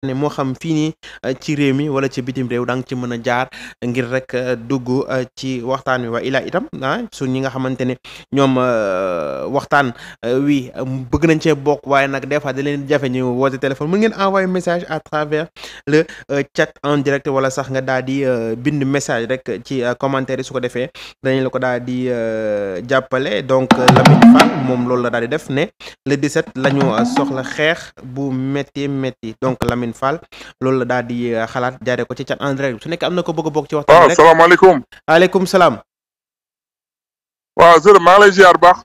ne moo xam fii nii eh, ci réew mi wala ci bitim réew da nga ci mën a jaar ngir rek eh, dugg eh, ci waxtaan wi waa ilaa itam ah su ñi nga xamante ne ñoom waxtaan wi bëgg nañ cee bokk waaye nag des fois da leen jafe ñu woote téléphone mën ngeen envoyer message à travers le chat en direct wala sax nga daal di bind message rek ci commentaire su ko defee dañ la ko daal di jàppale donc Lamine Fall moom loolu la daal di def ne le 17 lañu ñu soxla xeex bu métti métti donc Lamine Alioune Fall loolu la daal di euh, xalaat jaaree ko ci chat en direct su nekk am na ko bëgg a bokk ci waxtaan ah, rek waaw salaamaaleykum aleykum salaam waaw sër maa ngi lay ziar baax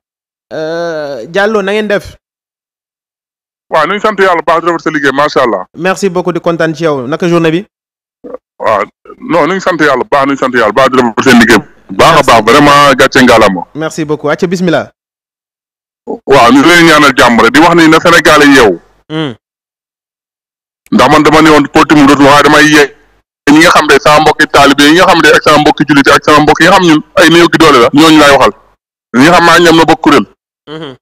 euh, Diallo na ngeen def waaw ñu ngi sant yàlla baax di rafet sa liggéey macha allah merci beaucoup di kontaan ci yow naka journée bi waaw non ñu ngi sant yàlla baax ñu ngi sant yàlla baax di rafet seen liggéey baax a baax vraiment gàcce ngaalama merci beaucoup acca bismillah waaw ñu ngi leen ñaanal jàmm rek di wax ni na Sénégal yi yow hmm. ndax man dama ne woon politique mu dootul waaye damay yee ñi nga xam ne sama mbokki taalibe yi nga xam ne ak sama mbokki jullit ak sama mbokk yi nga xam ñun ay néew ki doole la ñooñu laay waxal xam maa ñoom na bokk kuréel mm-hmm.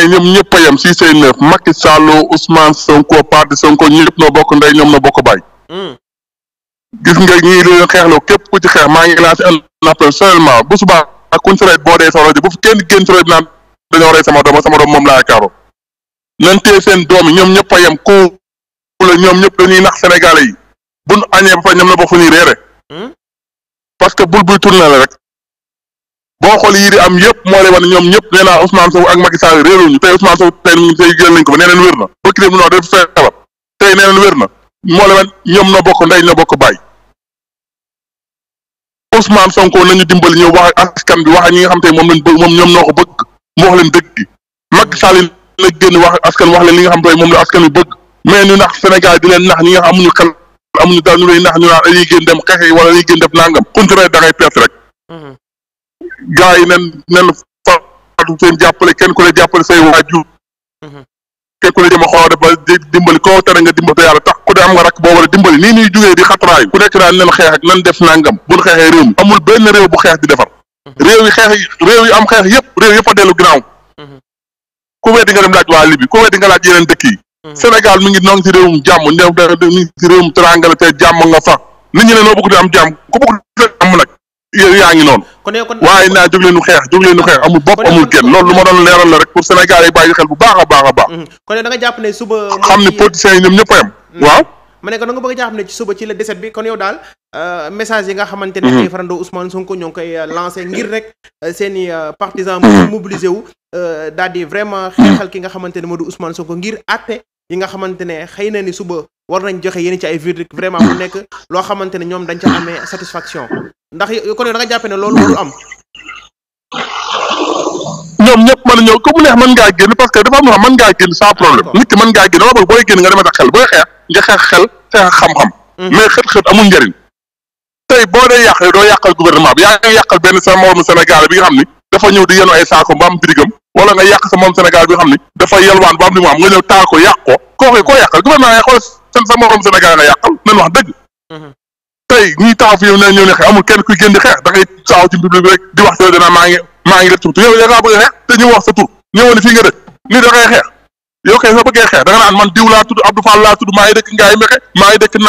yi ñoom ñëpp a yem si seen neuf Macky Sall Ousmane Sonko parti Sonko ñëpp noo bokk ndey ñoom na bokk baay mm-hmm. gis nga ñii leen xeexloo képp ku ci xeex maa ngi lancé un appel seulement bu subaa ak boo dee sa rajo bu fi kenn génn sama doom sama doom moom laa kaaro nan téye seen doom yi ñoom ñëpp a yem ku la ñoom ñëpp dañuy nax Sénégalais yi bu nu añee ba fa ñoom la ba fu ñuy réere hmm? parce que bul buy tourné la rek boo xool yii am yëpp moo lay wane ñoom ñëpp nee naa Ousmane Sow ak Macky Sall réeruñu tey Ousmane Sow tey ñu tey jël nañ ko na tey nee neen na moo lay wane ñoom na bokk ndey na bokk baay Ousmane Sonko nañu dimbali ñu wax askan bi wax ñi nga xam te moom lañ bëgg moom ñoom noo ko bëgg mu wax leen dëgg gi Macky na génn wax askan wax leen li nga xam tooy moom la askan wi bëgg mais ñu nax Sénégal di leen nax ñi nga xam amuñu kal amuñu daal ñu lay nax ñu naan dañuy génn dem xeex wala dañuy génn def nangam continuer da ngay perte rek mm-hmm. gars yi nen nen faatu seen jàppale kenn ku ne jàppale say waajur mm-hmm. kenn ku ne jëm a xool ba dimbali koo tere nga dimbali te yàlla tax ku ne am nga rakk boo war a dimbali nii ñuy jugee di xatraay ku nekk naa nen xeex nan def nangam buñ xeexee réew amul benn réew bu xeex di defar mm-hmm. réew yi xeex réew yi am xeex yëpp réew yëpp a dellu ginnaaw ku weddi nga dem laaj waa Libi ko weddi nga laaj yeneen dëkk hmm. Sénégal mi ngi noonu ci réewum jàmm ñoom ñu ngi ci réewum teraanga la te jàmm nga fa nit ñi ne noo bëgg di am jàmm ku bëgg nag yaa ngi noonu. waaye naa jóg nu xeex jóg nu xeex amul bopp amul genn loolu lu ma doon leeral la rek pour Sénégal yi xel bu baax a baax a baax. Hmm. kon da nga xam ni politiciens yi ñoom ñëpp a hmm. waaw. ma ne ko da nga ne ci suba ci la décès bi kon yow daal euh, message yi nga xamante ne ay mhm. farandoo Ousmane Sonko ñoo koy euh, lancé ngir rek euh, seen i partisans mhm. mobilisé wu daal di vraiment xeexal ki nga xamante ne moo di Ousmane Sonko ngir àtte yi nga xamante ne xëy na ni suba war nañ joxe yéen ci ay verdict vraiment mu nekk loo xamante ne ñoom dañ ca amee satisfaction ndax kon yow da jàppe ne loolu warul am ñoom ñëpp mën a ñëw ku mu neex mën ngaa génn parce que dafa am loo xam mën ngaa génn sans problème nit ki mën ngaa génn wala booy génn nga demee sa xel booy xeex xel xeex xam-xam mhm. mais xët-xët amul njëriñ tey boo dee yàq doo yàqal gouvernement bi yaa ngi yàqal benn sa moomu Sénégal bi nga xam ni dafa ñëw di yenu ay saako ba am bidigam wala nga yàq sa moom Sénégal bi nga xam ni dafa yelwaan ba am li mu am nga ñëw taal ko yàq ko koo yàqal gouvernement yaa xool sa moom Sénégal nga yàqal nañ wax tey ñuy taxaw fi yow ne ñëw ne xeex amul kenn kuy génn xeex da ngay saaw ci mbir bi rek di wax a sa tur ñëwoon da ngay xeex yow laa tudd Abdou Fall laa tudd maa ngi dëkk Ngaye Mékhé maa ngi a dem xeex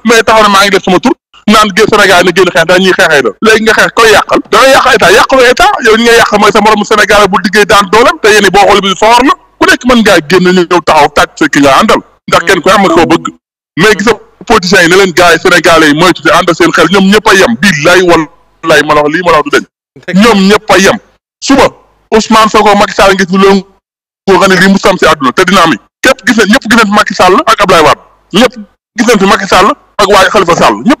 mhm. maa ngi def sama tur naan gé Sénégal ne génn xeex dañuy xeexee la léegi nga xeex koy da ngay yàq état yàqaloo état yow mooy sa morom Sénégal bu liggéey daan doolam te yéen boo xool bi soor la ku nekk mën ngaa génn ñëw taxaw tàcc ki nga àndal ndax kenn ko am ak koo bëgg mais gis nga politiciens yi ne leen gars yi sénégalais yi moytu te ànd seen xel ñoom ñëpp a yem billaay wallaay ma la wax lii ma la wax du dañ ñoom ñëpp a yem suba Ousmane Sonko Macky Sall ngi fi loolu koo xam ne lii mu sam si àdduna te dina am képp gis nañ ñëpp gis nañ fi Macky Sall ak Ablaye Wade ñëpp gis nañ fi Macky Sall ak waaye Khalifa Sall ñëpp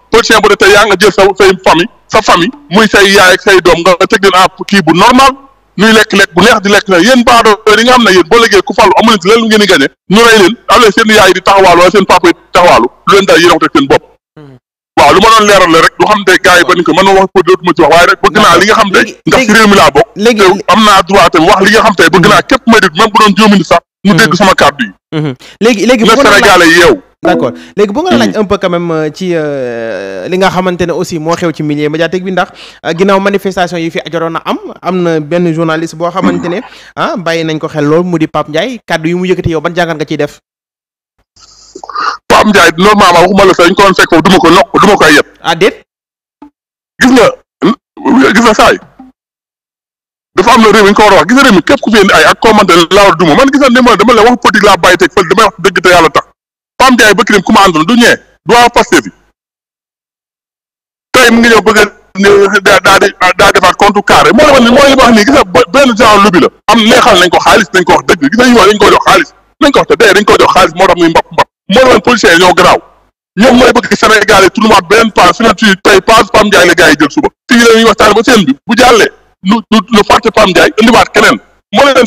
politicien bu ne tey yaa nga jël sa say famille sa famille muy say yaay ak say doom nga teg leen ab kii bu normal ñuy lekk-lekk bu neex di lekk na yéen baadoo yi nga xam ne yéen boo léegi ku fàllu amuleen si leen ngeen di gagné ñu rey leen amlee seen a hmm. wax pour dootuma am naa droit tamit wax li nga xam te bëgg hmm. naa hmm. yeew d'accord mm. léegi bu nga laaj mm. un euh, ci euh, li nga xamante ne aussi moo xew ci milieu médiatique bi ndax euh, ginnaaw manifestation yi fi ajaroon na am am na benn journaliste boo xamante ne ah bàyyi nañ ko xel lool mu di Pape Ndiaye kàddu yi mu yëkkati yow ba jàngat nga ci def Pape Ndiaye normalement waxuma la sax ñu ko doon ko noq duma ko ay yëpp ah déet gis nga gis nga saay dafa am na réew mi ñu ko war a wax gis nga réew mi képp ku fi ay ak commentaire laa war duma man gis nga ne ma dama la wax politique laa bàyyi teg dëgg yàlla tax Pam Ndiaye ba kirim ku ma àndoon du ñëwee du waa Pastef bi tey mu ngi ñëw bëgg a daa di daa defaat compte carré moo tax ni mooy li ma nii gis benn genre lubi la neexal nañ ko xaalis nañ ko wax dëgg gis nga ñu wax xaalis nañ ko wax te dee dañ koy jox xaalis moo tax muy mbap mbap moo tax policiers yi ñoo garaaw ñoom mooy bëgg Sénégal yi tournement benn page fi na ci tey page Pam Ndiaye la gars jël suba fii la ñuy waxtaane ba seen bi bu jàllee nu nu Pam Ndiaye indiwaat keneen moo leen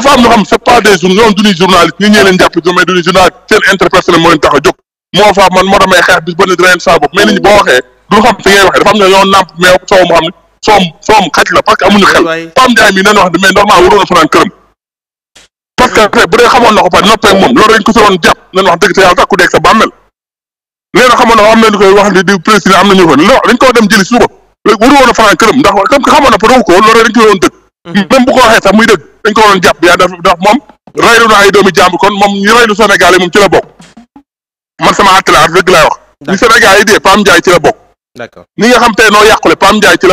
dafa am xam c'est pas des jour ñoom duñuy journaliste ñi ñee leen jàpp mais duñuy journaliste tax a moo fa man moo damay xeex bis ba ne dina leen saa boo waxee du xam fi ngay waxee dafa xam ne parce que amuñu xel Pam Ndiaye mii nañ wax ne mais normal waroon fanaan këram bu dee xamoon na ko pare noppee moom loolu dañ ko si wax dëgg te yàlla takku dégg sa bàmmel nee na xamoon am na ñu koy wax di président am na ñu ko dañ ko a Mhm. même bu ko waxee sax muy dëgg dañ ko waroon jàpp yaa daf ndax moom raylu na ay doomi jàmbur kon moom ñu raylu Sénégal yi moom ci la bokk man sama àtt la dëgg laay wax ni Sénégal yi Pam Ndiaye ci la bokk ni nga xam te noo yàqule Pam Ndiaye ci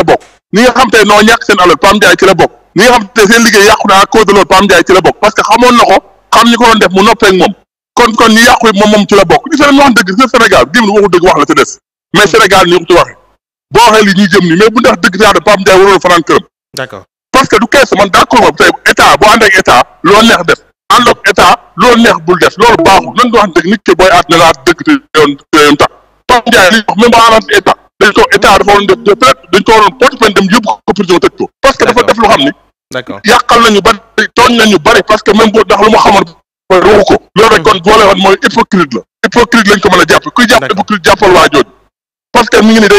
ni nga xam te noo ñàkk seen alal Pam Ndiaye ci la bokk ni nga xam te seen liggéey yàqu na à cause de loolu Pam Ndiaye ci la bokk parce que xamoon na ko xam ñu ko doon def mu noppee moom kon kon ñu yàqu moom moom ci la bokk li seen wax dëgg sa Sénégal la ci des mais hmm. Sénégal li ñuy jëm ni mais bu ndax dëgg yaa parce que du kees man d'accord ma tey état boo ànd ak état loolu neex bul def loolu baaxul lan nga wax nit ki booy aat ne laa dëgg te yoon te def peut-être dañ ko waroon dem yóbbu ko prison tëj ko parce que def lu xam ni yàqal nañu bari tooñ nañu bari parce que même boo ndax lu ma xamoon waxu ko loolu rek kon hmm. boo lay wan mooy la hypocrite lañ ko mën a jàpp kuy jàpp hypocrite ne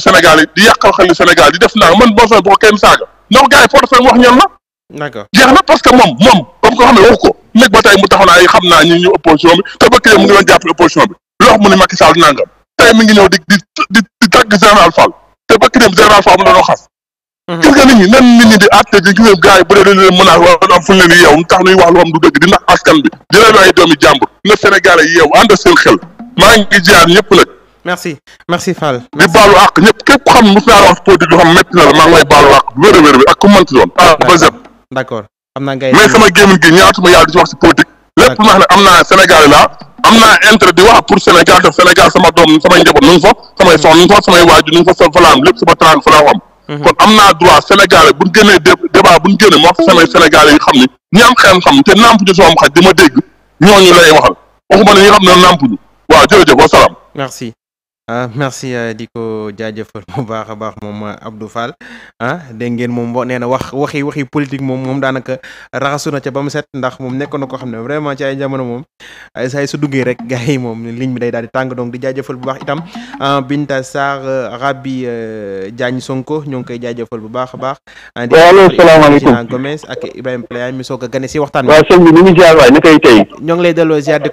Sénégal yi di yàqal xelu Sénégal di def naa man boo soo bu ko kenn saaga loolu gars yi portefeuille wax ñan la. d'accord na parce que moom moom comme ko xam ne wax ko nekk ba tey mu taxaw naa yi xam naa ñu ñu opposition bi te ba kii mu ngi doon jàppale opposition bi lu wax mu ne Macky di di di xas. Mhm. gis nga nit ñi nan nit ñi di àtte ji gis nga gars yi bu dee dañu leen mën a wala am fu ñu leen yeew tax ñuy wax lu am du dëgg di ndax askan bi di leen ay doomi jàmbur ne Sénégalais yeew ànd xel maa ngi jaar ñëpp nag merci merci Fall. di ñëpp képp xam a wér ak ku ah, ba zëpp. d'accord xam naa sama gémmiñ gi ñaata ma yàlla ci wax si politique. lépp lu ma xam ne am naa Sénégal la am naa intérêt di wax pour Sénégal def Sénégal sama doom samay njaboot nu nga fa samay soxna nu nga fa samay waajur nu nga fa fa la am lépp sama tànn am. Mhm. kon am naa droit Sénégalais bu ñu génnee débat bu ñu génne ma wax samay Sénégalais yi xam ni ñi am xam-xam te nàmp ñu sama xaj di ma dégg ñooñu lay waxal waxuma ne ñi xam ne nàmp ñu waaw jërëjëf wa salaam. ah merci euh, di ko jaajëfal bu baax a baax moom euh, Abdou Fall ah dégg ngeen moom boo nee na wax waxi waxi politique moom moom daanaka raxasu na ca ba mu set ndax moom nekkoon na ko xam ne vraiment ci ay jamono moom ay saa su rek gars yi moom ligne bi day daal di tàng donc di jaajëfal bu baax itam ah, Binta Sarr euh, Rabi Diagne Sonko ñoo ngi koy jaajëfal bu baax a baax. Ah, waaw salaamaaleykum Gomez ak Ibrahima Playa mi soog a gane si waxtaan bi. waaw sëñ bi ñu waay na koy tey. ñoo lay delloo ziar di